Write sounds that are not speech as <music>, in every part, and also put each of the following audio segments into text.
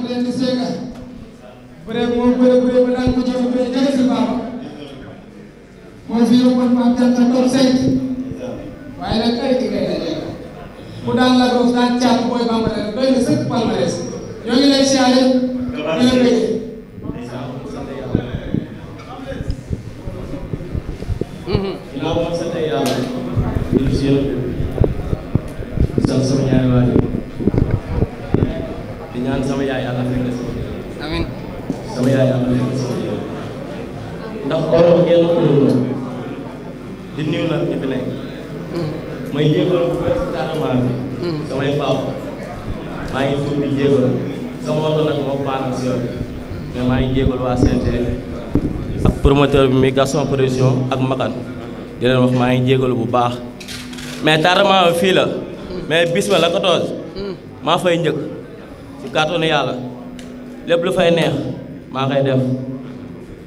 daf leen di seega bëre moom bëre bëre ba daan ko jëf bëre jege si baaba moo fi yóbboon maam janta top cinq waaye nag ay di ngay dajee ku daan la doon daan caat booy bambara doy na sëkk palmarès ñoo ngi lay siyaare ñu la bëgg ginnaaw moom sant yàlla ñu ngi si yëpp sant sama ñaari waajur yàlla xulóom la di nag ñi fi nekk mm. may yéegal bi mm. damay baaw maa ngi tuub di jéegal sama oto nag moo paanam maa ngi jéegal waa CNT ak promoteur bi mi Gaston Production ak Makan di wax maa ngi jéegalu bu baax mais carrément bi fii la mais bis ba la mm. maa fay njëkk si kàttanu yàlla lépp lu fay neex maa koy def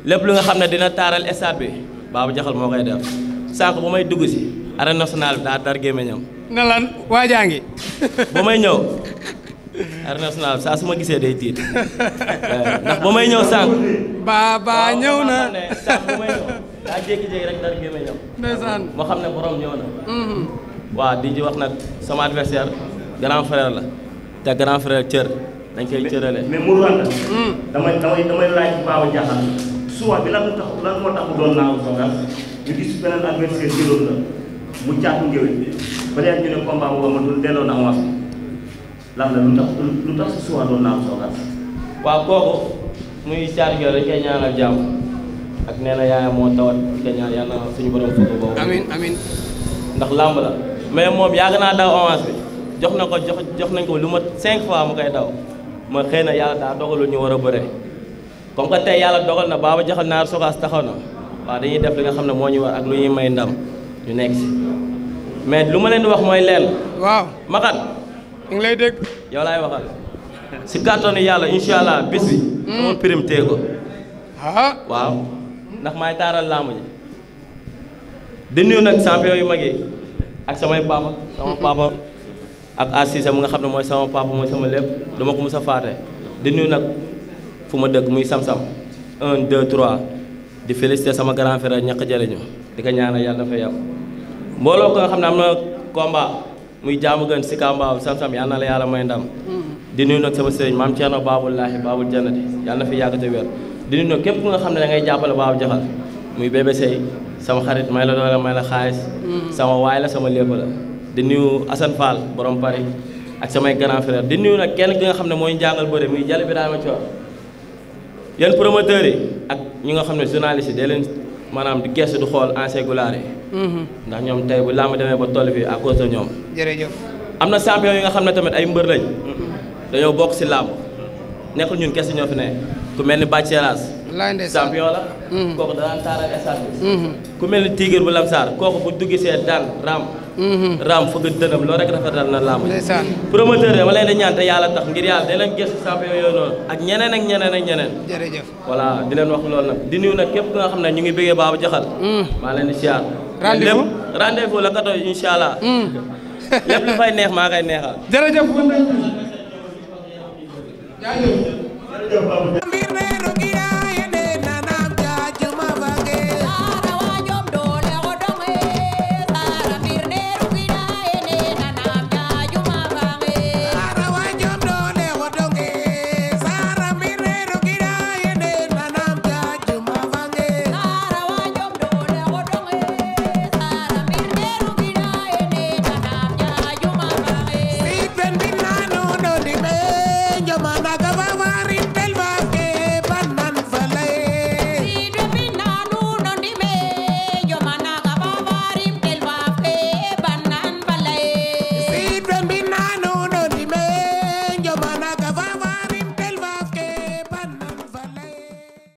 lépp lu nga xam ne dina taaral stade bi Baba Jaxal moo koy def sànq bu may dugg si arène nationale bi daa dar gémmiñam ne lan waa jaangi bu may ñëw arène nationale saa su ma gisee day tiit <laughs> ndax ba may ñëw sànq Baba ñëw na sànq bu xam ne borom ñëw na mm-hmm. waaw di ji wax nag sama adversaire grand frère la te grand frère cër dañ koy cërale mais mu ranta mm. damay damay damay laaj Baba Jaxal choix bi la moo tax lan moo tax mu doon naaw Sogas ñu gis beneen adversaire jëloon la mu caatu ngéwél ba léegi ñu ne combat boobu amatul delloo na avance lan la tax lu tax sa choix doon naaw waaw kooku muy caatu ngéwél dañ koy ñaanal jàmm ak nee yaayam moo tawat di ko ñaan yàlla na suñu borom suuf boobu. amiin amiin. ndax làmb la mais moom yàgg naa daw avance bi jox na ko jox jox nañ ko lu ma cinq fois mu koy daw ma xëy na yàlla daa dogalul ñu war a bëre. comme que tey yàlla dogal na Baba Diakhal Naar Sogas taxaw na waaw dañuy def li nga xam ne moo ñu war ak lu ñuy may ndam ñu nekk si mais lu ma leen wax mooy leen. waaw Makan. mu ngi lay dégg. yow laay waxal si kàttanu yàlla incha allah bis bi. Hmm. sama prime ko. ah waaw ndax maay taaral làmb ji. di nuyu nag champion yu mag yi ak samay papa sama papa ak Assis mu nga xam ne mooy sama papa mooy sama lépp dama ko mës a faate di nuyu nag. fu ma dëkk muy sam-sam 1 2 3 di félicité sama grand frère ñàkk jëriñu di ko ñaanal yàlla dafa yàpp mbooloo ko nga xam ne am na combat muy jaamu gën si kambaaw sam-sam yal na la yàlla may ndam mm. di nuyu nag sama sëriñ maam Thierno Baabulaahi Baabul Jannati yàlla na fi yàgg te wér di nuyu nag képp ku nga xam ne da ngay jàppale Baabu Jaxal muy BBC sama xarit may la doole may la xaalis mm. sama waay la sama lépp la di nuyu Assane Fall borom Paris yéen promoteurs yi ak ñi nga xam ne journalistes yi dee leen maanaam di gestu du xool anciens goulaar yi mhm. ndax ñoom tey bu làmb demee ba toll fii à cause de ñoom. am na champion yi nga xam ne tamit ay mbër lañ. Mhm. dañoo bokk si làmb nekkul ñun kese ñoo fi ne ku mel ni Bacchelaas. champion la. Mhm. kooku danaan taaral stade bi. ku mel ni Tigre bu Lamsaar kooku bu dugg see daan ram raam fëgg dënam lool rek rafetal na làmb promoteur dama leen di ñaan te yàlla tax ngir yàlla da leen gëstu champion yooyu noonu ak ñeneen ak ñeneen ak ñeneen di leen wax loolu nag di niw nag képp ku nga xam ne ñu ngi bëggee Baba Diakhal mm. maa leen di siyaar rendez-vous la katoo incha allah lépp lu fay neex maa koy neexal